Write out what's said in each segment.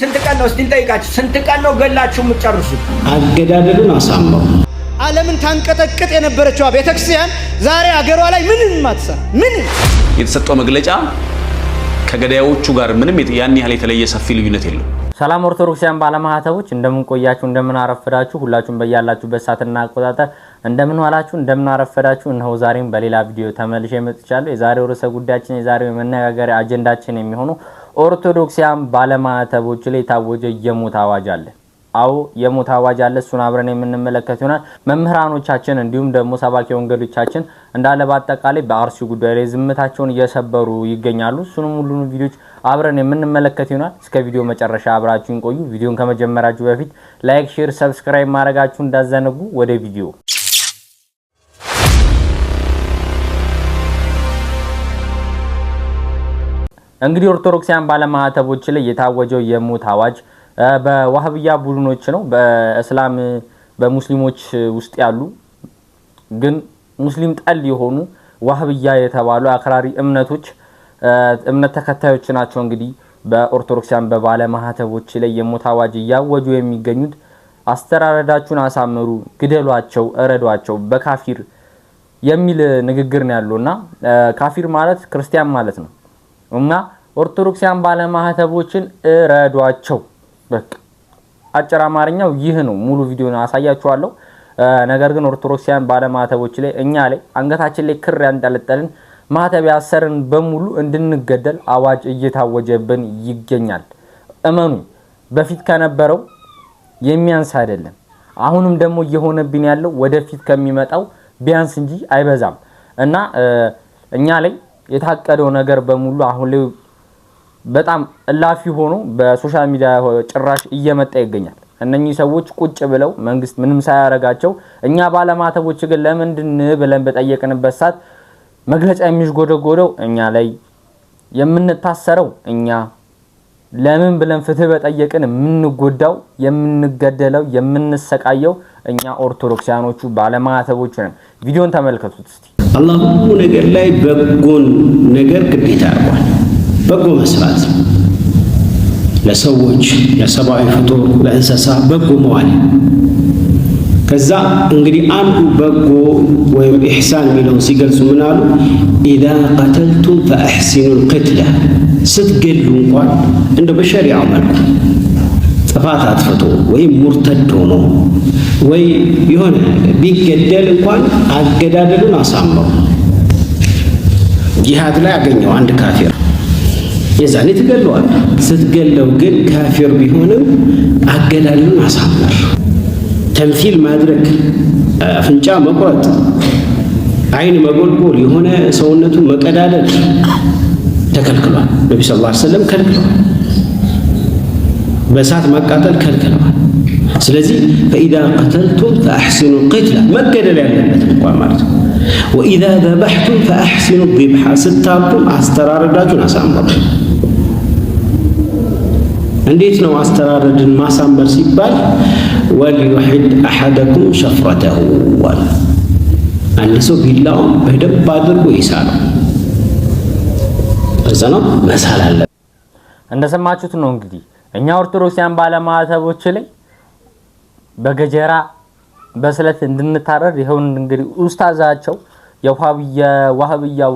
ስንት ቀን ነው እስቲ እንጠይቃችሁ፣ ስንት ቀን ነው ገላችሁ የምትጨርሱት? አገዳደሉን አሳመው ዓለምን ታንቀጠቅጥ የነበረችዋ ቤተክርስቲያን ዛሬ አገሯ ላይ ምንም ማትሰራ ምንም የተሰጠው መግለጫ ከገዳዮቹ ጋር ምንም ያን ያህል የተለየ ሰፊ ልዩነት የለው። ሰላም ኦርቶዶክሳውያን ባለማህተቦች እንደምን ቆያችሁ? እንደምን አረፈዳችሁ? ሁላችሁም በያላችሁበት ሰዓትና አቆጣጠር እንደምን ዋላችሁ? እንደምን አረፈዳችሁ? እነሆ ዛሬም በሌላ ቪዲዮ ተመልሼ መጥቻለሁ። የዛሬው ርዕሰ ጉዳያችን የዛሬው የመነጋገሪያ አጀንዳችን የሚሆኑ ኦርቶዶክሲያን ባለማዕተቦች ላይ የታወጀ የሞት አዋጅ አለ። አዎ የሞት አዋጅ አለ። እሱን አብረን የምንመለከት ይሆናል። መምህራኖቻችን እንዲሁም ደግሞ ሰባኪ ወንገዶቻችን እንዳለ በአጠቃላይ በአርሲ ጉዳይ ላይ ዝምታቸውን እየሰበሩ ይገኛሉ። እሱንም ሁሉን ቪዲዮች አብረን የምንመለከት ይሆናል። እስከ ቪዲዮ መጨረሻ አብራችሁን ቆዩ። ቪዲዮን ከመጀመራችሁ በፊት ላይክ፣ ሼር፣ ሰብስክራይብ ማድረጋችሁ እንዳዘነጉ ወደ ቪዲዮ እንግዲህ ኦርቶዶክሲያን ባለማህተቦች ላይ የታወጀው የሞት አዋጅ በዋህብያ ቡድኖች ነው። በእስላም በሙስሊሞች ውስጥ ያሉ ግን ሙስሊም ጠል የሆኑ ዋህብያ የተባሉ አክራሪ እምነቶች እምነት ተከታዮች ናቸው። እንግዲህ በኦርቶዶክሲያን በባለማህተቦች ላይ የሞት አዋጅ እያወጁ የሚገኙት አስተራረዳችሁን አሳምሩ፣ ግደሏቸው፣ እረዷቸው በካፊር የሚል ንግግር ነው ያለውና ካፊር ማለት ክርስቲያን ማለት ነው። እና ኦርቶዶክሲያን ባለማህተቦችን እረዷቸው። በቃ አጭር አማርኛው ይህ ነው። ሙሉ ቪዲዮን አሳያችኋለሁ። ነገር ግን ኦርቶዶክሲያን ባለማህተቦች ላይ እኛ ላይ አንገታችን ላይ ክር ያንጠለጠልን ማህተብ ያሰርን በሙሉ እንድንገደል አዋጅ እየታወጀብን ይገኛል። እመኑ፣ በፊት ከነበረው የሚያንስ አይደለም። አሁንም ደግሞ እየሆነብን ያለው ወደፊት ከሚመጣው ቢያንስ እንጂ አይበዛም እና እኛ ላይ የታቀደው ነገር በሙሉ አሁን ላይ በጣም እላፊ ሆኖ በሶሻል ሚዲያ ጭራሽ እየመጣ ይገኛል። እነኚህ ሰዎች ቁጭ ብለው መንግስት ምንም ሳያረጋቸው እኛ ባለማተቦች ግን ለምንድን ብለን በጠየቅንበት ሰዓት መግለጫ የሚሽጎደጎደው እኛ ላይ የምንታሰረው እኛ ለምን ብለን ፍትህ በጠየቅን የምንጎዳው የምንገደለው የምንሰቃየው እኛ ኦርቶዶክሲያኖቹ ባለማተቦች ነን። ቪዲዮን ተመልከቱት እስቲ። አላህ ሁሉ ነገር ላይ በጎን ነገር ግዴታ ያርጓል በጎ መስራት ለሰዎች ለሰብአዊ ፍጡር ለእንስሳ በጎ መዋል። ከዛ እንግዲህ አንዱ በጎ ወይም ኢሕሳን የሚለውን ሲገልጹ ምን አሉ? ኢዛ ቀተልቱም ፈአሕሲኑ ልቅትላ ስትገሉ እንኳን እንደ በሸሪያው መልኩ ጥፋት አጥፍቶ ወይም ሙርተድ ሆኖ ወይ የሆነ ቢገደል እንኳን አገዳደሉን አሳምረው ጂሃድ ላይ አገኘው አንድ ካፊር የዛኔ ትገለዋል። ስትገለው ግን ካፊር ቢሆንም አገዳደሉን አሳምር። ተምሲል ማድረግ፣ አፍንጫ መቁረጥ፣ አይን መጎልጎል፣ የሆነ ሰውነቱ መቀዳደድ ተከልክሏል። ነቢ ስ ላ ሰለም ከልክሏል። በእሳት ማቃጠል ከልክለዋል። ስለዚህ ፈኢዛ ቀተልቱም ፈአሕሲኑ ቅትላ መገደል ያለበት እንኳ ማለት ነው። ወኢዛ ዘበሕቱም ፈአሕሲኑ ዚብሓ ስታርቱም አስተራረዳችሁን አሳምሩ። እንዴት ነው አስተራረድን ማሳመር ሲባል ወልዩሕድ አሐደኩም ሸፍረተሁ ዋል አንድ ሰው ቢላውም በደንብ አድርጎ ይሳለው። እዛ ነው መሳል አለ። እንደሰማችሁት ነው እንግዲህ እኛ ኦርቶዶክሲያን ባለማዕተቦች ላይ በገጀራ በስለት እንድንታረር ይኸውን እንግዲህ ኡስታዛቸው የዋህብያው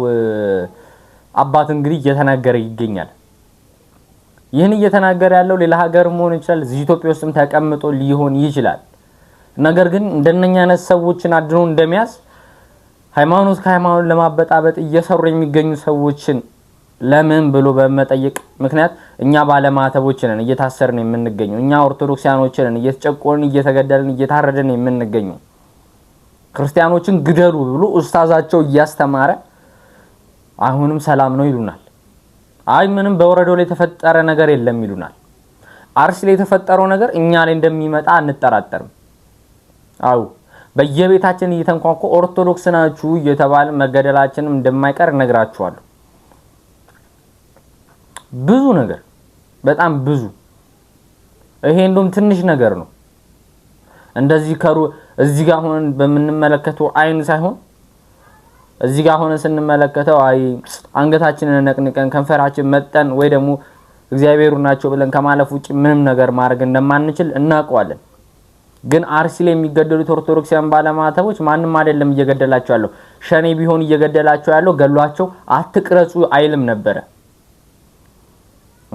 አባት እንግዲህ እየተናገረ ይገኛል። ይህን እየተናገረ ያለው ሌላ ሀገር መሆን ይችላል፣ እዚህ ኢትዮጵያ ውስጥም ተቀምጦ ሊሆን ይችላል። ነገር ግን እንደነኛ አይነት ሰዎችን አድኖ እንደሚያዝ ሃይማኖት ከሃይማኖት ለማበጣበጥ እየሰሩ የሚገኙ ሰዎችን ለምን ብሎ በመጠየቅ ምክንያት እኛ ባለማተቦች ነን እየታሰርን የምንገኘው፣ እኛ ኦርቶዶክሲያኖች ነን እየተጨቆንን እየተገደልን እየታረደን የምንገኘው ክርስቲያኖችን ግደሉ ብሎ ኡስታዛቸው እያስተማረ አሁንም ሰላም ነው ይሉናል። አይ ምንም በወረዳው ላይ የተፈጠረ ነገር የለም ይሉናል። አርሲ ላይ የተፈጠረው ነገር እኛ ላይ እንደሚመጣ አንጠራጠርም። አው በየቤታችን እየተንኳኳ ኦርቶዶክስ ናችሁ እየተባለ መገደላችንም እንደማይቀር እነግራችኋለሁ። ብዙ ነገር በጣም ብዙ። ይሄ እንደውም ትንሽ ነገር ነው። እንደዚህ ከሩ እዚህ ጋር ሆነን በምንመለከተው አይን ሳይሆን እዚህ ጋር ሆነን ስንመለከተው አይ አንገታችንን ነቅንቀን ከንፈራችን መጠን ወይ ደግሞ እግዚአብሔሩ ናቸው ብለን ከማለፍ ውጭ ምንም ነገር ማድረግ እንደማንችል እናውቀዋለን። ግን አርሲ ላይ የሚገደሉት ኦርቶዶክሳውያን ባለማተቦች ማንም አይደለም እየገደላቸው ያለው ሸኔ ቢሆን እየገደላቸው ያለው ገሏቸው አትቅረጹ አይልም ነበረ።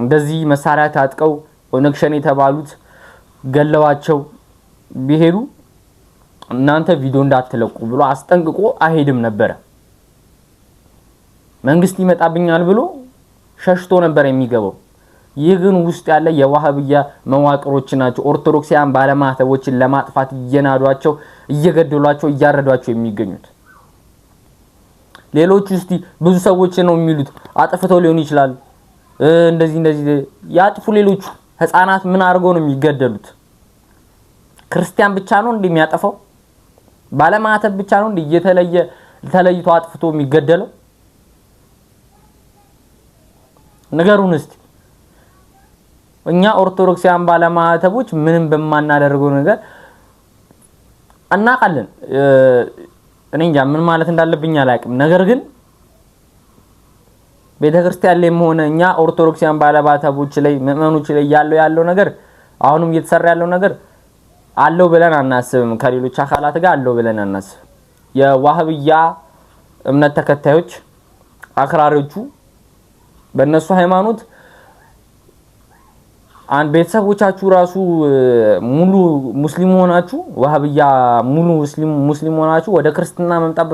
እንደዚህ መሳሪያ ታጥቀው ኦነግ ሸኔ የተባሉት ገለዋቸው ቢሄዱ እናንተ ቪዲዮ እንዳትለቁ ብሎ አስጠንቅቆ አይሄድም ነበረ። መንግስት ይመጣብኛል ብሎ ሸሽቶ ነበር የሚገባው። ይህ ግን ውስጥ ያለ የዋህብያ መዋቅሮች ናቸው። ኦርቶዶክሳውያን ባለማህተቦችን ለማጥፋት እየናዷቸው፣ እየገደሏቸው፣ እያረዷቸው የሚገኙት ሌሎች ውስጥ ብዙ ሰዎች ነው የሚሉት አጥፍተው ሊሆን ይችላል እንደዚህ እንደዚህ ያጥፉ ሌሎቹ ህፃናት ምን አድርገው ነው የሚገደሉት? ክርስቲያን ብቻ ነው እንዲህ የሚያጠፋው? ባለማተብ ብቻ ነው እንዲህ እየተለየ ተለይቶ አጥፍቶ የሚገደለው? ንገሩን እስቲ። እኛ ኦርቶዶክሳውያን ባለማተቦች ምንም በማናደርገው ነገር እናውቃለን። እኔ እንጃ ምን ማለት እንዳለብኝ አላውቅም። ነገር ግን ቤተ ክርስቲያን ላይም ሆነ እኛ ኦርቶዶክሲያን ባለባተቦች ላይ ምእመኖች ላይ ያለው ያለው ነገር አሁንም እየተሰራ ያለው ነገር አለው ብለን አናስብም። ከሌሎች አካላት ጋር አለው ብለን አናስብም። የዋህብያ እምነት ተከታዮች አክራሪዎቹ በእነሱ ሃይማኖት አንድ ቤተሰቦቻችሁ ራሱ ሙሉ ሙስሊም ሆናችሁ ዋህብያ ሙሉ ሙስሊም ሆናችሁ ወደ ክርስትና መምጣት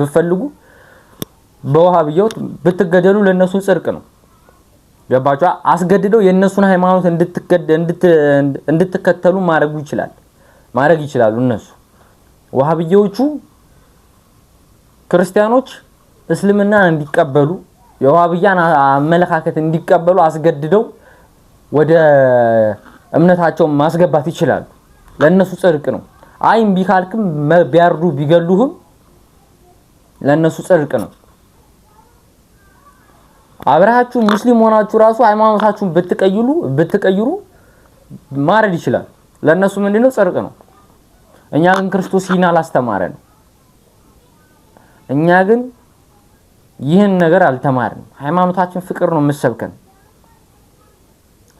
ብፈልጉ በውሃብያዎች ብትገደሉ ለነሱ ጽድቅ ነው። ገባችሁ? አስገድደው የእነሱን ሃይማኖት እንድትከተሉ ማድረጉ ይችላል ማድረግ ይችላሉ። እነሱ ውሃብዬዎቹ ክርስቲያኖች እስልምና እንዲቀበሉ የውሃብያን አመለካከት እንዲቀበሉ አስገድደው ወደ እምነታቸው ማስገባት ይችላሉ። ለእነሱ ጽድቅ ነው። አይም ቢካልክም ቢያርዱ ቢገሉህም ለእነሱ ጽድቅ ነው። አብራሃችሁ ሙስሊም ሆናችሁ ራሱ ሃይማኖታችሁን ብትቀይሉ ብትቀይሩ ማረድ ይችላል። ለእነሱ ምንድነው ጽድቅ ነው። እኛ ግን ክርስቶስ ይህን አላስተማረን። እኛ ግን ይህን ነገር አልተማርን። ሃይማኖታችን ፍቅር ነው የምትሰብከን።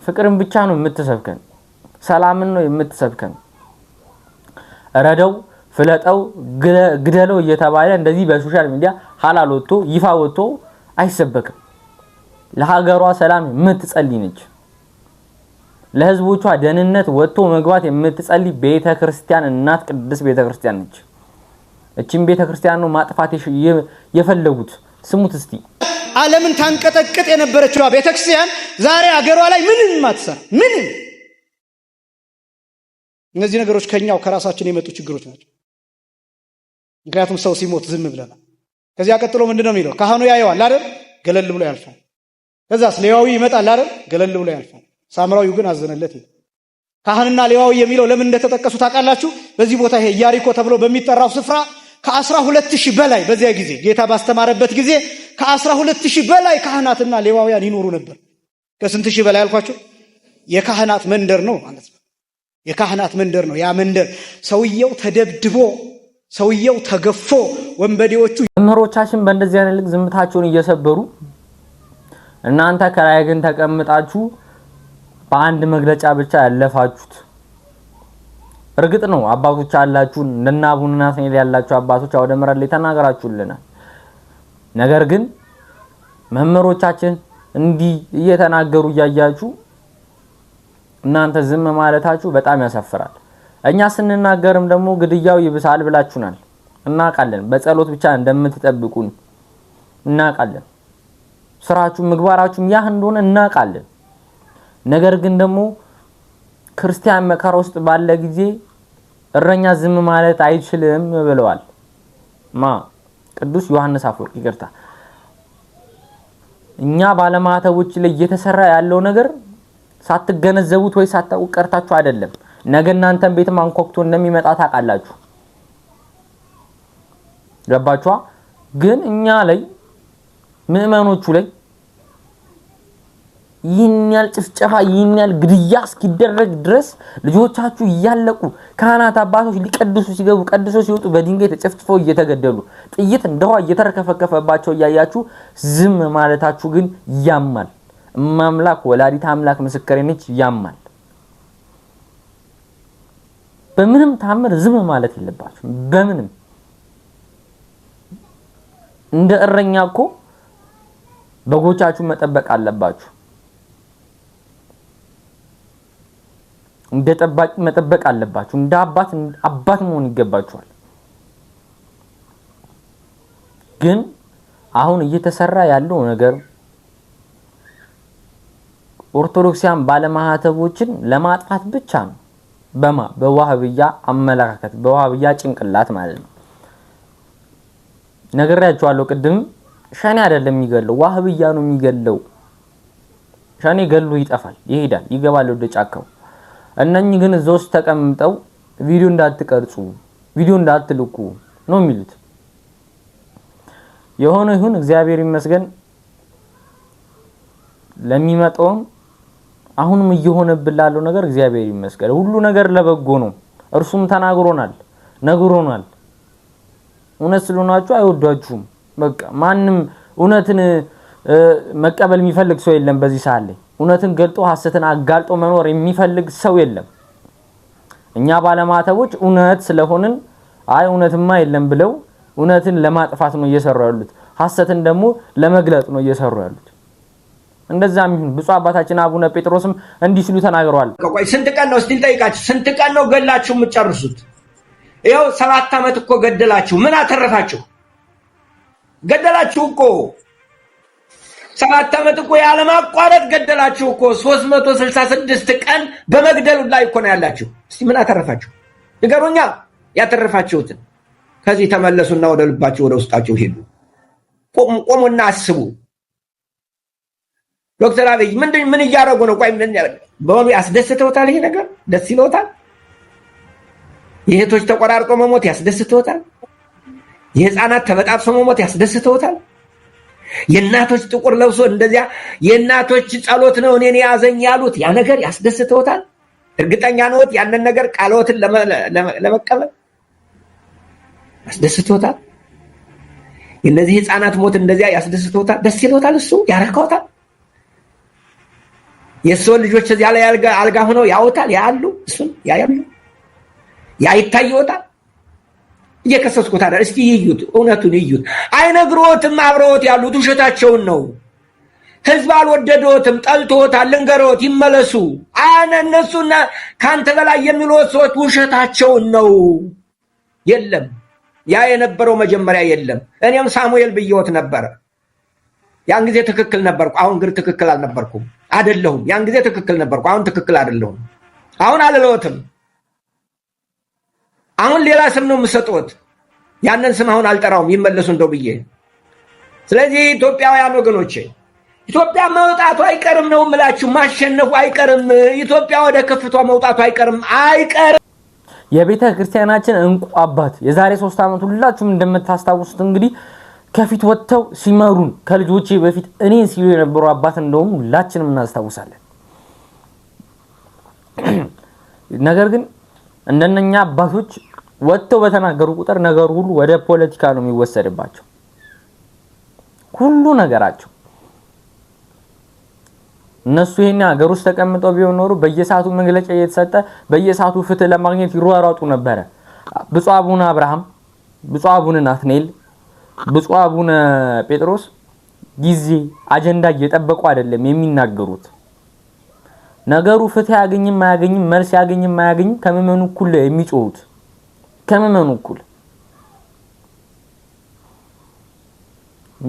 ፍቅርን ብቻ ነው የምትሰብከን። ሰላምን ነው የምትሰብከን። ረደው ፍለጠው ግደለው እየተባለ እንደዚህ በሶሻል ሚዲያ ሀላል ወጥቶ ይፋ ወጥቶ አይሰበክም። ለሀገሯ ሰላም የምትጸልይ ነች። ለህዝቦቿ ደህንነት ወጥቶ መግባት የምትጸልይ ቤተ ክርስቲያን እናት ቅድስት ቤተ ክርስቲያን ነች። እችም ቤተ ክርስቲያን ነው ማጥፋት የፈለጉት። ስሙት እስቲ። ዓለምን ታንቀጠቅጥ የነበረችዋ ቤተ ክርስቲያን ዛሬ አገሯ ላይ ምንም ማትሰራ ምንም እነዚህ ነገሮች ከኛው ከራሳችን የመጡ ችግሮች ናቸው። ምክንያቱም ሰው ሲሞት ዝም ብለናል። ከዚያ ቀጥሎ ምንድን ነው የሚለው? ካህኑ ያየዋል አይደል? ገለል ብሎ ያልፋል። ከዛስ ሌዋዊ ይመጣል አይደል? ገለል ብሎ ያልፋል። ሳምራዊው ግን አዘነለት። ካህንና ሌዋዊ የሚለው ለምን እንደተጠቀሱ ታውቃላችሁ? በዚህ ቦታ ይሄ ኢያሪኮ ተብሎ በሚጠራው ስፍራ ከአስራ ሁለት ሺህ በላይ በዚያ ጊዜ ጌታ ባስተማረበት ጊዜ ከአስራ ሁለት ሺህ በላይ ካህናትና ሌዋውያን ይኖሩ ነበር። ከስንት ሺህ በላይ አልኳቸው? የካህናት መንደር ነው ማለት ነው። የካህናት መንደር ነው ያ መንደር። ሰውየው ተደብድቦ፣ ሰውየው ተገፎ፣ ወንበዴዎቹ መምህሮቻችን በእንደዚህ አይነት ልቅ ዝምታቸውን እየሰበሩ እናንተ ከላይ ግን ተቀምጣችሁ በአንድ መግለጫ ብቻ ያለፋችሁት። እርግጥ ነው አባቶች አላችሁ፣ እንደና አቡነ ናትናኤል ያላችሁ አባቶች አውደ ምሕረት ላይ ተናገራችሁልናል። ነገር ግን መምህሮቻችን እንዲህ እየተናገሩ እያያችሁ እናንተ ዝም ማለታችሁ በጣም ያሳፍራል። እኛ ስንናገርም ደግሞ ግድያው ይብሳል ብላችሁናል። እናውቃለን። በጸሎት ብቻ እንደምትጠብቁን እናውቃለን። ስራችሁ ምግባራችሁም ያህ እንደሆነ እናውቃለን። ነገር ግን ደግሞ ክርስቲያን መከራ ውስጥ ባለ ጊዜ እረኛ ዝም ማለት አይችልም ብለዋል። ማ ቅዱስ ዮሐንስ አፈወርቅ ይቅርታ። እኛ ባለማተቦች ላይ እየተሰራ ያለው ነገር ሳትገነዘቡት ወይ ሳታውቁ ቀርታችሁ አይደለም። ነገ እናንተን ቤት ማንኳኩቶ እንደሚመጣ ታውቃላችሁ። ገባችኋ? ግን እኛ ላይ ምእመኖቹ ላይ ይህን ያህል ጭፍጨፋ፣ ይህን ያህል ግድያ እስኪደረግ ድረስ ልጆቻችሁ እያለቁ ካህናት አባቶች ሊቀድሱ ሲገቡ ቀድሶ ሲወጡ በድንጋይ ተጨፍጭፈው እየተገደሉ ጥይት እንደዋ እየተረከፈከፈባቸው እያያችሁ ዝም ማለታችሁ ግን ያማል። እማምላክ ወላዲት አምላክ ምስክሬ ነች፣ ያማል። በምንም ታምር ዝም ማለት የለባችሁ። በምንም እንደ እረኛ እኮ በጎቻችሁ መጠበቅ አለባችሁ። እንደ ጠባቂ መጠበቅ አለባችሁ። እንደ አባት አባት መሆን ይገባችኋል። ግን አሁን እየተሰራ ያለው ነገር ኦርቶዶክሲያን ባለማህተቦችን ለማጥፋት ብቻ ነው። በማ በዋህብያ አመለካከት በዋህብያ ጭንቅላት ማለት ነው። ነግሬያችኋለሁ ቅድም ሸኔ አይደለም የሚገለው ዋህብያ ነው የሚገለው። ሸኔ ገሉ ይጠፋል፣ ይሄዳል፣ ይገባል ወደ ጫካው። እነኚህ ግን እዛ ውስጥ ተቀምጠው ቪዲዮ እንዳትቀርጹ፣ ቪዲዮ እንዳትልኩ ነው የሚሉት። የሆነ ይሁን እግዚአብሔር ይመስገን። ለሚመጣውም አሁንም እየሆነብን ላለው ነገር እግዚአብሔር ይመስገን። ሁሉ ነገር ለበጎ ነው። እርሱም ተናግሮናል፣ ነግሮናል። እውነት ስለሆናችሁ አይወዷችሁም። በቃ ማንም እውነትን መቀበል የሚፈልግ ሰው የለም በዚህ ሰዓት ላይ እውነትን ገልጦ ሐሰትን አጋልጦ መኖር የሚፈልግ ሰው የለም። እኛ ባለማተቦች እውነት ስለሆንን አይ እውነትማ የለም ብለው እውነትን ለማጥፋት ነው እየሰሩ ያሉት። ሐሰትን ደግሞ ለመግለጥ ነው እየሰሩ ያሉት። እንደዛም ይሁን ብፁዕ አባታችን አቡነ ጴጥሮስም እንዲህ ሲሉ ተናግረዋል። ቆይ ስንት ቀን ነው እስቲ ጠይቃችሁ፣ ስንት ቀን ነው ገላችሁ የምትጨርሱት? ይኸው ሰባት ዓመት እኮ ገደላችሁ፣ ምን አተረፋችሁ? ገደላችሁ እኮ ሰባት ዓመት እኮ ያለማቋረጥ ገደላችሁ እኮ ስድስት ቀን በመግደሉ ላይ እኮ ነው ያላችሁ። እስቲ ምን አተረፋችሁ ንገሩኛ። ያተረፋችሁትን ከዚህ ተመለሱና ወደ ልባችሁ ወደ ውስጣችሁ ሄዱ። ቆሙና አስቡ። ዶክተር አብይ ምንድን ምን እያደረጉ ነው? ቆይ በሆኑ ያስደስተውታል? ይሄ ነገር ደስ ይለውታል? የእህቶች ተቆራርጦ መሞት ያስደስተውታል? የህፃናት ተበጣብሶ መሞት ያስደስተውታል? የእናቶች ጥቁር ለብሶ እንደዚያ የእናቶች ጸሎት ነው እኔን የያዘኝ ያሉት ያ ነገር ያስደስተውታል? እርግጠኛ ነዎት? ያንን ነገር ቃልዎትን ለመቀበል ያስደስተውታል? የእነዚህ ህፃናት ሞት እንደዚያ ያስደስተውታል? ደስ ይለውታል? እሱ ያረካውታል? የሰውን ልጆች እዚያ ላይ አልጋ ሆነው ያውታል? ያሉ እሱን ያያሉ? ያ እየከሰስኩት ታዲያ እስቲ ይዩት፣ እውነቱን ይዩት። አይነግሮትም። አብረውት ያሉት ውሸታቸውን ነው። ህዝብ አልወደዶትም፣ ጠልቶታል። ልንገሮት፣ ይመለሱ። አነ እነሱና ከአንተ በላይ የሚሉት ሰዎች ውሸታቸውን ነው። የለም ያ የነበረው መጀመሪያ የለም። እኔም ሳሙኤል ብየወት ነበረ። ያን ጊዜ ትክክል ነበርኩ፣ አሁን ግን ትክክል አልነበርኩም፣ አደለሁም። ያን ጊዜ ትክክል ነበርኩ፣ አሁን ትክክል አደለሁም። አሁን አልለወትም። አሁን ሌላ ስም ነው የምሰጥዎት። ያንን ስም አሁን አልጠራውም ይመለሱ እንደው ብዬ። ስለዚህ ኢትዮጵያውያን ወገኖቼ ኢትዮጵያ መውጣቱ አይቀርም ነው የምላችሁ። ማሸነፉ አይቀርም። ኢትዮጵያ ወደ ከፍቷ መውጣቱ አይቀርም አይቀርም። የቤተ ክርስቲያናችን እንቁ አባት የዛሬ ሶስት ዓመት ሁላችሁም እንደምታስታውሱት እንግዲህ ከፊት ወጥተው ሲመሩን ከልጆች በፊት እኔን ሲሉ የነበሩ አባት እንደሆኑ ሁላችንም እናስታውሳለን። ነገር ግን እንደነኛ አባቶች ወጥተው በተናገሩ ቁጥር ነገሩ ሁሉ ወደ ፖለቲካ ነው የሚወሰድባቸው። ሁሉ ነገራቸው እነሱ ይሄን ሀገር ውስጥ ተቀምጠው ቢሆን ኖሩ በየሰዓቱ መግለጫ እየተሰጠ በየሰዓቱ ፍትህ ለማግኘት ይሯሯጡ ነበረ። ብፁዕ አቡነ አብርሃም፣ ብፁዕ አቡነ ናትናኤል፣ ብፁዕ አቡነ ጴጥሮስ ጊዜ አጀንዳ እየጠበቁ አይደለም የሚናገሩት። ነገሩ ፍትህ ያገኝም አያገኝም መልስ ያገኝም አያገኝም ከምዕመኑ እኩል የሚጮሁት ከመመኑ እኩል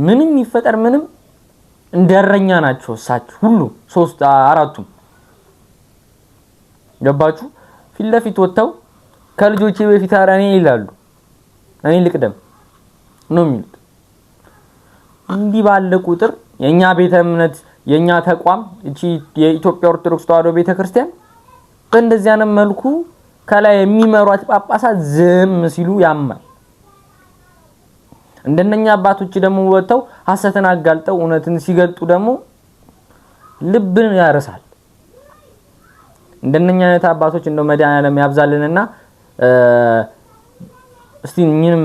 ምንም ይፈጠር ምንም እንደረኛ ናቸው እሳቸው ሁሉ ሶስት አራቱም ገባችሁ። ፊት ለፊት ወጥተው ከልጆቼ በፊት ኧረ እኔ ይላሉ። እኔ ልቅደም ነው የሚሉት። እንዲህ ባለ ቁጥር የኛ ቤተ እምነት የኛ ተቋም እቺ የኢትዮጵያ ኦርቶዶክስ ተዋህዶ ቤተክርስቲያን በእንደዚህ መልኩ ከላይ የሚመሯት ጳጳሳት ዝም ሲሉ ያማል። እንደነኛ አባቶች ደግሞ ወጥተው ሀሰትን አጋልጠው እውነትን ሲገልጡ ደግሞ ልብን ያርሳል። እንደነኛ አይነት አባቶች እንደው መድኃኔዓለም ያብዛልንና እስቲ እኚህንም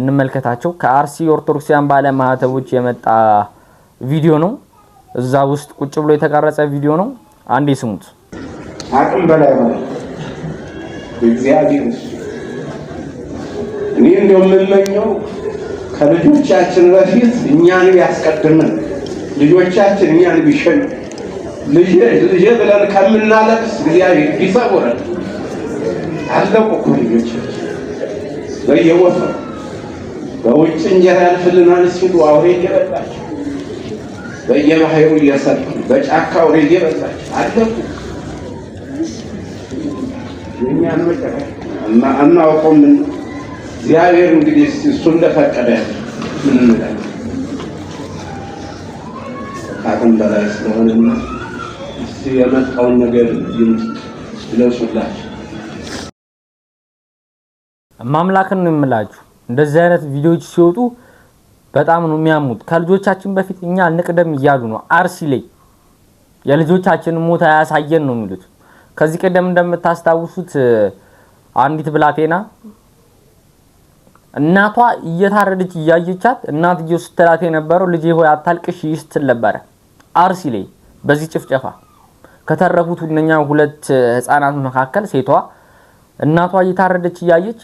እንመልከታቸው። ከአርሲ ኦርቶዶክሲያን ባለ ማህተቦች የመጣ ቪዲዮ ነው። እዛ ውስጥ ቁጭ ብሎ የተቀረጸ ቪዲዮ ነው። አንዴ ስሙት። አቅም በላይ ነው እግዚአብሔር እኔ እንደው የምመኘው ከልጆቻችን በፊት እኛን ቢያስቀድምን፣ ልጆቻችን እኛን ቢሸኝ፣ ልጄ ብለን ከምናለቅስ እግዚአብሔር ቢሰውረን። አለቁ እኮ ልጆቻችን በየቦታው በውጭ እንጀራ ያልፍልናል ሲሉ አውሬ እየበላቸው፣ በየባህሩ እየሰጡ፣ በጫካ አውሬ እየበላቸው አለቁ። እኛ አናውቀውም። እግዚአብሔር እንግዲህ እሱ እንደፈቀደ ምን ከአቅም በላይ ስለሆነና እስቲ የመጣውን ነገር ይምጡ ማምላክን ነው የምላችሁ። እንደዚህ አይነት ቪዲዮዎች ሲወጡ በጣም ነው የሚያሙት። ከልጆቻችን በፊት እኛ እንቅደም እያሉ ነው። አርሲ ላይ የልጆቻችንን ሞት አያሳየን ነው የሚሉት። ከዚህ ቀደም እንደምታስታውሱት አንዲት ብላቴና እናቷ እየታረደች እያየቻት እናትየው ስትላት የነበረው ልጄ ሆይ አታልቅሽ ስትል ነበረ። አርሲ ላይ በዚህ ጭፍጨፋ ከተረፉት እነኛ ሁለት ህጻናት መካከል ሴቷ እናቷ እየታረደች እያየች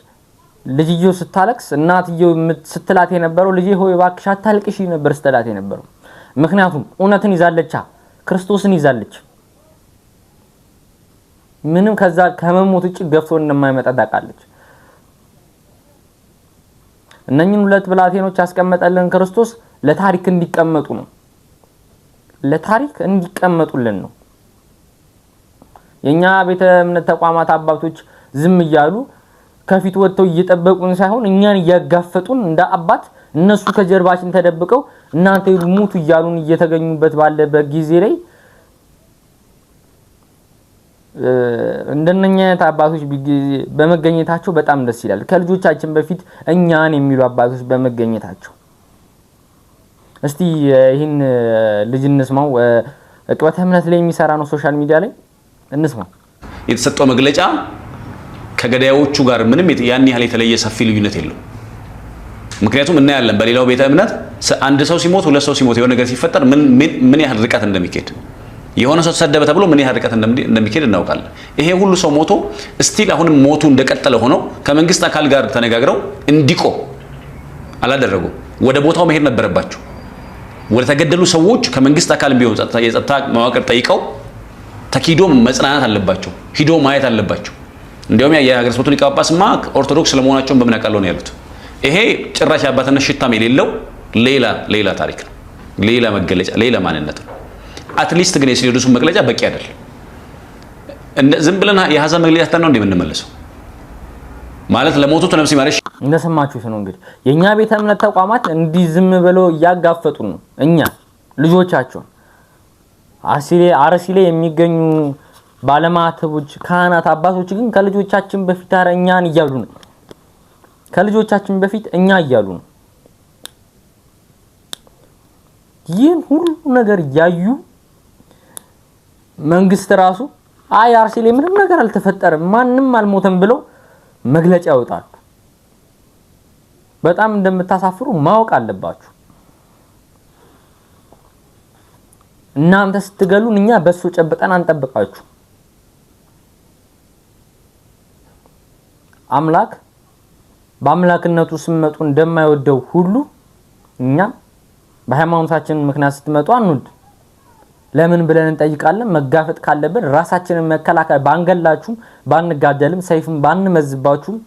ልጅየው ስታለቅስ እናትየው ስትላት የነበረው ልጄ ሆይ እባክሽ አታልቅሽ ነበር ስትላት የነበረው። ምክንያቱም እውነትን ይዛለቻ ክርስቶስን ይዛለች። ምንም ከዛ ከመሞት ውጭ ገፍቶ እንደማይመጣ ታውቃለች። እነኝን ሁለት ብላቴኖች ያስቀመጠልን ክርስቶስ ለታሪክ እንዲቀመጡ ነው። ለታሪክ እንዲቀመጡልን ነው። የኛ ቤተ እምነት ተቋማት አባቶች ዝም እያሉ ከፊት ወጥተው እየጠበቁን ሳይሆን እኛን እያጋፈጡን እንደ አባት እነሱ ከጀርባችን ተደብቀው እናንተ ሙቱ እያሉን እየተገኙበት ባለበት ጊዜ ላይ እንደነኛ አይነት አባቶች በመገኘታቸው በጣም ደስ ይላል። ከልጆቻችን በፊት እኛን የሚሉ አባቶች በመገኘታቸው እስቲ ይህን ልጅ እንስማው። እቅበተ እምነት ላይ የሚሰራ ነው፣ ሶሻል ሚዲያ ላይ እንስማው። የተሰጠው መግለጫ ከገዳዮቹ ጋር ምንም ያን ያህል የተለየ ሰፊ ልዩነት የለው። ምክንያቱም እናያለን በሌላው ቤተ እምነት አንድ ሰው ሲሞት፣ ሁለት ሰው ሲሞት፣ የሆነ ነገር ሲፈጠር ምን ያህል ርቀት እንደሚካሄድ የሆነ ሰው ተሰደበ ተብሎ ምን ያህል ርቀት እንደሚኬድ እናውቃለን። ይሄ ሁሉ ሰው ሞቶ እስቲል አሁንም ሞቱ እንደቀጠለ ሆነው ከመንግስት አካል ጋር ተነጋግረው እንዲቆም አላደረጉም። ወደ ቦታው መሄድ ነበረባቸው። ወደ ተገደሉ ሰዎች ከመንግስት አካል ቢሆን የጸጥታ መዋቅር ጠይቀው ተኪዶ መጽናናት አለባቸው። ሂዶ ማየት አለባቸው። እንዲሁም የሀገረ ስብከቱ ሊቀ ጳጳስማ ኦርቶዶክስ ስለመሆናቸውን በምን ያውቃለው ነው ያሉት። ይሄ ጭራሽ አባትነት ሽታም የሌለው ሌላ ሌላ ታሪክ ነው። ሌላ መገለጫ፣ ሌላ ማንነት ነው። አትሊስት ግን የሲኖዶሱ መግለጫ በቂ አይደል? ዝም ብለን የሀሳብ መግለጫ ተን ነው እንደ የምንመለሰው ማለት ለሞቱት ነፍስ ይማረሽ። እንደሰማችሁት ነው እንግዲህ የእኛ ቤተ እምነት ተቋማት እንዲህ ዝም ብለው እያጋፈጡ ነው። እኛ ልጆቻቸውን አርሲ ላይ የሚገኙ ባለማተቦች፣ ካህናት፣ አባቶች ግን ከልጆቻችን በፊት ኧረ እኛን እያሉ ነው። ከልጆቻችን በፊት እኛ እያሉ ነው። ይህን ሁሉ ነገር እያዩ መንግስት ራሱ አይ አርሲ ላይ ምንም ነገር አልተፈጠረም ማንም አልሞተም ብለው መግለጫ ያወጣሉ። በጣም እንደምታሳፍሩ ማወቅ አለባችሁ። እናንተ ስትገሉን እኛ በሱ ጨብጠን አንጠብቃችሁ። አምላክ በአምላክነቱ ስትመጡ እንደማይወደው ሁሉ እኛ በሃይማኖታችን ምክንያት ስትመጡ አንወድ ለምን ብለን እንጠይቃለን። መጋፈጥ ካለብን ራሳችንን መከላከል ባንገላችሁም፣ ባንጋደልም፣ ሰይፍም ባንመዝባችሁም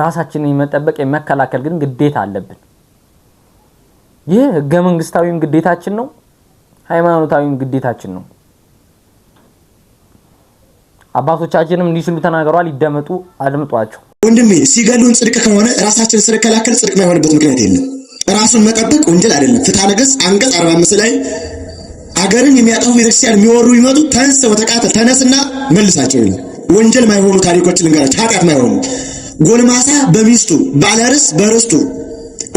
ራሳችንን የመጠበቅ የመከላከል ግን ግዴታ አለብን። ይህ ህገ መንግስታዊም ግዴታችን ነው፣ ሃይማኖታዊም ግዴታችን ነው። አባቶቻችንም እንዲህ ሲሉ ተናግረዋል። ይደመጡ፣ አድምጧቸው። ወንድሜ ሲገሉን ጽድቅ ከሆነ ራሳችን ስንከላከል ጽድቅ የማይሆንበት ምክንያት የለም። ራሱን መጠበቅ ወንጀል አይደለም። ፍትሐ ነገሥት አንቀጽ 45 ላይ አገርን የሚያጠፉ ቤተክርስቲያን የሚወሩ ይመጡ ተንስ በተቃተ ተነስና መልሳቸው ይላል። ወንጀል ማይሆኑ ታሪኮች ልንገራቸው፣ ኃጢአት ማይሆኑ ጎልማሳ በሚስቱ ባለርስ በርስቱ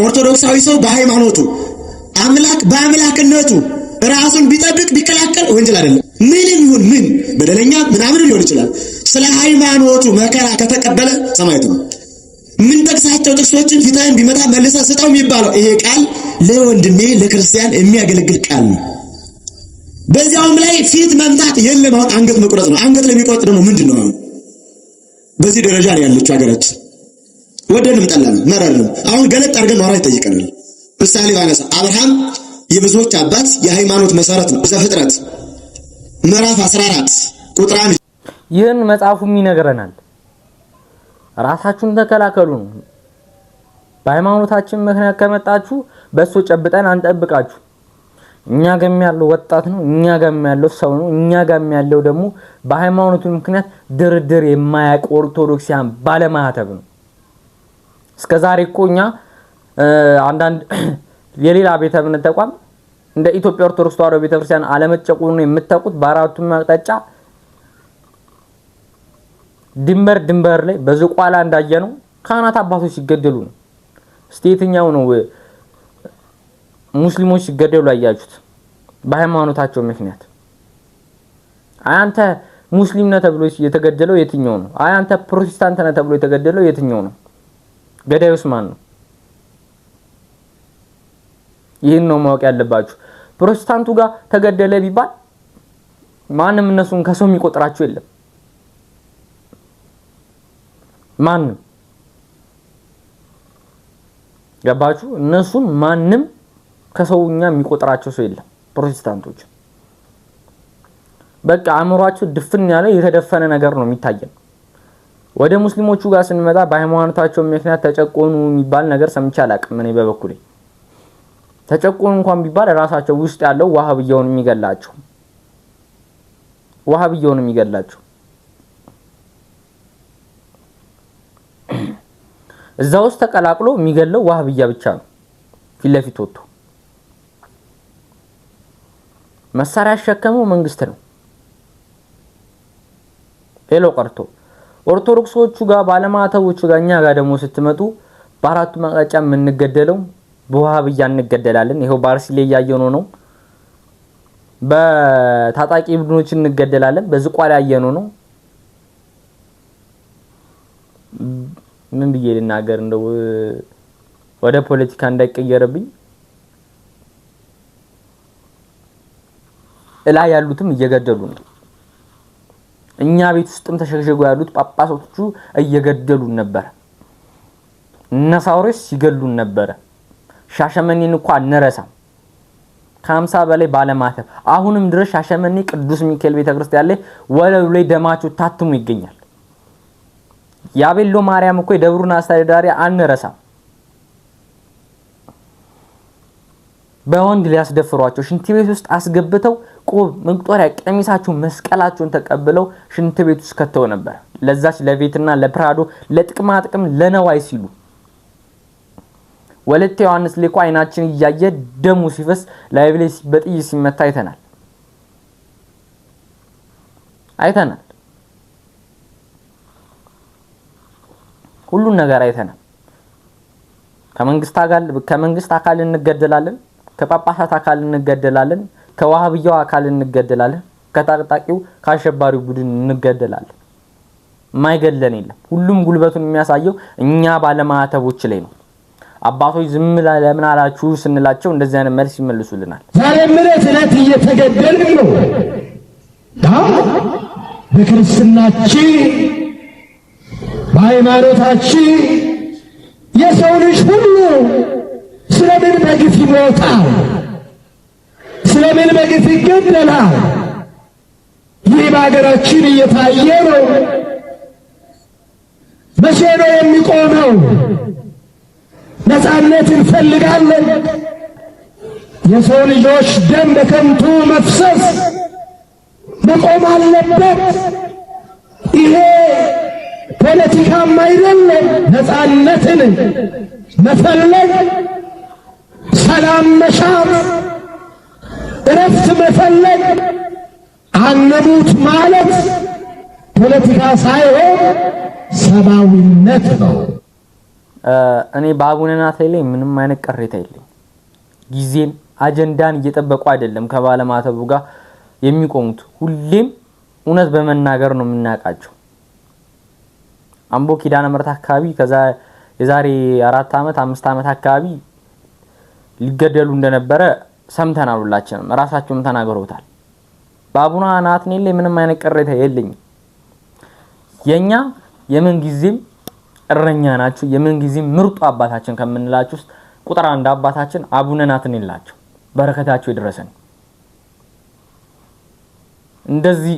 ኦርቶዶክሳዊ ሰው በሃይማኖቱ አምላክ በአምላክነቱ ራሱን ቢጠብቅ ቢከላከል ወንጀል አይደለም። ምንም ይሁን ምን በደለኛ ምናምን ሊሆን ይችላል። ስለ ሃይማኖቱ መከራ ከተቀበለ ሰማዕት ነው። ምን ጠቅሳቸው ጥቅሶችን ፊታን ቢመጣ መልሰ ስጠው የሚባለው ይሄ ቃል ለወንድሜ ለክርስቲያን የሚያገለግል ቃል ነው። በዚያውም ላይ ፊት መምታት የለም። አሁን አንገት መቁረጥ ነው። አንገት ለሚቆረጥ ደግሞ ምንድን ነው? በዚህ ደረጃ ነው ያለችው ሀገራችን። ወደንም ጠላንም መረርንም አሁን ገለጥ አድርገን ማውራት ይጠይቀናል። ምሳሌ ባነሳ አብርሃም የብዙዎች አባት የሃይማኖት መሰረት ነው። ዘፍጥረት ምዕራፍ 14 ቁጥር 1 ይህን መጽሐፉም ይነግረናል። ራሳችሁን ተከላከሉ ነው። በሃይማኖታችን ምክንያት ከመጣችሁ በእሱ ጨብጠን አንጠብቃችሁ። እኛ ጋም ያለው ወጣት ነው። እኛ ጋም ያለው ሰው ነው። እኛ ጋም ያለው ደግሞ በሃይማኖቱ ምክንያት ድርድር የማያውቅ ኦርቶዶክሲያን ባለማህተብ ነው። እስከ ዛሬ እኮ እኛ አንዳንድ የሌላ ቤተ እምነት ተቋም እንደ ኢትዮጵያ ኦርቶዶክስ ተዋሕዶ ቤተክርስቲያን አለመጨቆኑን የምታውቁት በአራቱም አቅጣጫ ድንበር ድንበር ላይ በዝቋላ እንዳየ ነው ካህናት አባቶች ሲገደሉ ነው። እስቲ የትኛው ነው ሙስሊሞች ሲገደሉ አያችሁት በሃይማኖታቸው ምክንያት። አያንተ አንተ ሙስሊም ነህ ተብሎ የተገደለው የትኛው ነው? አንተ ፕሮቴስታንት ነህ ተብሎ የተገደለው የትኛው ነው? ገዳዩስ ማን ነው? ይህን ነው ማወቅ ያለባችሁ። ፕሮቴስታንቱ ጋር ተገደለ ቢባል ማንም እነሱን ከሰው የሚቆጥራቸው የለም። ማንም ገባችሁ? እነሱን ማንም ከሰውኛ የሚቆጥራቸው ሰው የለም። ፕሮቴስታንቶች በቃ አእምሯቸው ድፍን ያለ የተደፈነ ነገር ነው የሚታየን። ወደ ሙስሊሞቹ ጋር ስንመጣ በሃይማኖታቸው ምክንያት ተጨቆኑ የሚባል ነገር ሰምቼ አላቅም። እኔ በበኩሌ ተጨቆኑ እንኳን ቢባል ራሳቸው ውስጥ ያለው ዋህብያውን የሚገላቸው ዋህብያውን የሚገላቸው እዛ ውስጥ ተቀላቅሎ የሚገለው ዋህብያ ብቻ ነው ፊት ለፊት ወጥቶ መሳሪያ ያሸከመው መንግስት ነው። ሌላው ቀርቶ ኦርቶዶክሶቹ ጋር ባለማተቦቹ ጋር እኛ ጋር ደግሞ ስትመጡ በአራቱ ማቅጣጫ የምንገደለው በውሃብያ እንገደላለን። ይኸው ባርሲ ላይ እያየነው ነው። በታጣቂ ቡድኖች እንገደላለን። በዝቋላ ያየነው ነው። ምን ብዬ ልናገር? እንደው ወደ ፖለቲካ እንዳይቀየርብኝ እላይ ያሉትም እየገደሉ ነው። እኛ ቤት ውስጥም ተሸግሸጉ ያሉት ጳጳሶቹ እየገደሉን ነበረ። እነ ሳውሬስ ሲገሉን ነበረ። ሻሸመኔን እንኳ አንረሳም። ከሀምሳ በላይ ባለማተብ አሁንም ድረስ ሻሸመኔ ቅዱስ ሚካኤል ቤተክርስቲያን ላይ ወለሉ ላይ ደማቸው ታትሞ ይገኛል። የአቤሎ ማርያም እኮ የደብሩን አስተዳዳሪ አንረሳም። በወንድ ሊያስደፍሯቸው ሽንት ቤት ውስጥ አስገብተው ቆብ፣ መቁጠሪያ፣ ቀሚሳቸው መስቀላቸውን ተቀብለው ሽንት ቤት ውስጥ ከተው ነበር። ለዛች ለቤትና ለፕራዶ ለጥቅማ ጥቅም ለነዋይ ሲሉ ወለተ ዮሐንስ ሌኮ አይናችን እያየ ደሙ ሲፈስ ላይብ በጥይ ሲመታ አይተናል አይተናል። ሁሉን ነገር አይተናል። ከመንግስት አካል ከመንግስት አካል እንገደላለን፣ ከጳጳሳት አካል እንገደላለን። ከዋሃብያው አካል እንገደላለን፣ ከታጣቂው ከአሸባሪው ቡድን እንገደላለን። ማይገለን የለም። ሁሉም ጉልበቱን የሚያሳየው እኛ ባለማዕተቦች ላይ ነው። አባቶች ዝም ለምን አላችሁ ስንላቸው እንደዚህ አይነት መልስ ይመልሱልናል። ዛሬ ዕለት ዕለት እየተገደልን ነው። በክርስትናችን በሃይማኖታችን የሰው ልጅ ሁሉ ስለምን በግፍ ይሞታል? ስለምን በግፍ ይገደላል? ይህ በሀገራችን እየታየ ነው። መቼ ነው የሚቆመው? ነፃነት እንፈልጋለን። የሰው ልጆች ደም በከንቱ መፍሰስ መቆም አለበት። ይሄ ፖለቲካም አይደለም። ነፃነትን መፈለግ፣ ሰላም መሻር መፈለግ አነቡት ማለት ፖለቲካ ሳይሆን ሰብአዊነት ነው። እኔ በአቡነ ናትናኤል ላይ ምንም አይነት ቅሬታ የለኝ። ጊዜን አጀንዳን እየጠበቁ አይደለም ከባለማተቡ ጋር የሚቆሙት። ሁሌም እውነት በመናገር ነው የምናውቃቸው። አምቦ ኪዳነ ምሕረት አካባቢ ከዛ የዛሬ አራት ዓመት አምስት ዓመት አካባቢ ሊገደሉ እንደነበረ ሰምተናል፣ ሁላችንም ራሳቸውም ተናግረውታል። በአቡነ ናትናኤል ላይ ምንም አይነት ቅሬታ የለኝም። የእኛ የምንጊዜም እረኛ ናቸው። የምንጊዜም ምርጡ አባታችን ከምንላችሁ ውስጥ ቁጥር አንድ አባታችን አቡነ ናትናኤል ናቸው። በረከታቸው የደረሰን እንደዚህ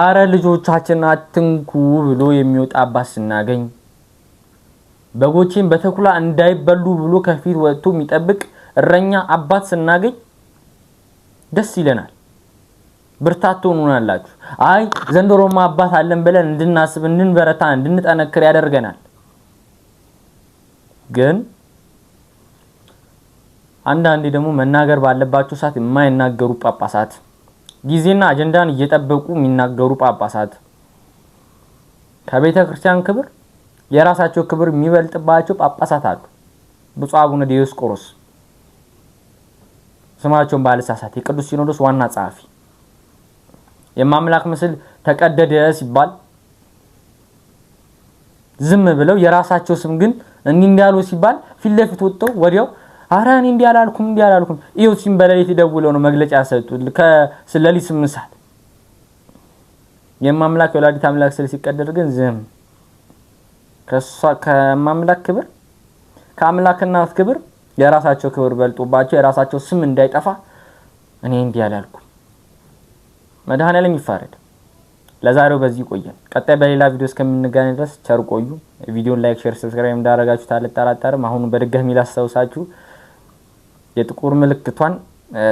አረ ልጆቻችን አትንኩ ብሎ የሚወጣ አባት ስናገኝ በጎቼን በተኩላ እንዳይበሉ ብሎ ከፊት ወጥቶ የሚጠብቅ እረኛ አባት ስናገኝ ደስ ይለናል፣ ብርታት ትሆኑናላችሁ። አይ ዘንድሮማ አባት አለን ብለን እንድናስብ፣ እንድንበረታ፣ እንድንጠነክር ያደርገናል። ግን አንዳንዴ ደግሞ መናገር ባለባቸው ሰዓት የማይናገሩ ጳጳሳት፣ ጊዜና አጀንዳን እየጠበቁ የሚናገሩ ጳጳሳት ከቤተ ክርስቲያን ክብር የራሳቸው ክብር የሚበልጥባቸው ጳጳሳት አሉ። ብፁዕ አቡነ ዲዮስቆሮስ ስማቸውን ባልሳሳት የቅዱስ ሲኖዶስ ዋና ጸሐፊ የማምላክ ምስል ተቀደደ ሲባል ዝም ብለው የራሳቸው ስም ግን እንዲህ እንዲያሉ ሲባል ፊት ለፊት ወጥተው ወዲያው አረ እኔ እንዲህ አላልኩም እንዲህ አላልኩም። ይኸው ሲም በሌሊት ደውለው ነው መግለጫ ያሰጡ ከስለሊት ስምንት ሰዓት የማምላክ የወላዲት አምላክ ስል ሲቀደር ግን ዝም ከእሷ ከማምላክ ክብር ከአምላክ እናት ክብር የራሳቸው ክብር በልጦባቸው የራሳቸው ስም እንዳይጠፋ እኔ እንዲህ አላልኩም። መድኃኔዓለም ይፋረድ። ለዛሬው በዚህ ይቆያል። ቀጣይ በሌላ ቪዲዮ እስከምንገናኝ ድረስ ቸር ቆዩ። ቪዲዮን ላይክ፣ ሼር፣ ሰብስክራይብ እንዳደረጋችሁ አልጠራጠርም። አሁኑ በድጋሚ ላስታውሳችሁ የጥቁር ምልክቷን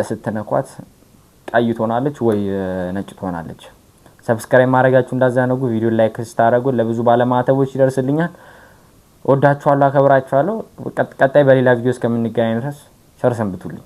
ስትነኳት ቀይ ትሆናለች ወይ ነጭ ትሆናለች። ሰብስክራይብ ማድረጋችሁ እንዳዘነጉ ቪዲዮ ላይክ ስታደረጉ ለብዙ ባለማተቦች ይደርስልኛል። ወዳችኋለሁ፣ አከብራችኋለሁ። ቀጣይ በሌላ ቪዲዮ እስከምንገናኝ ድረስ ቸር ሰንብቱልኝ።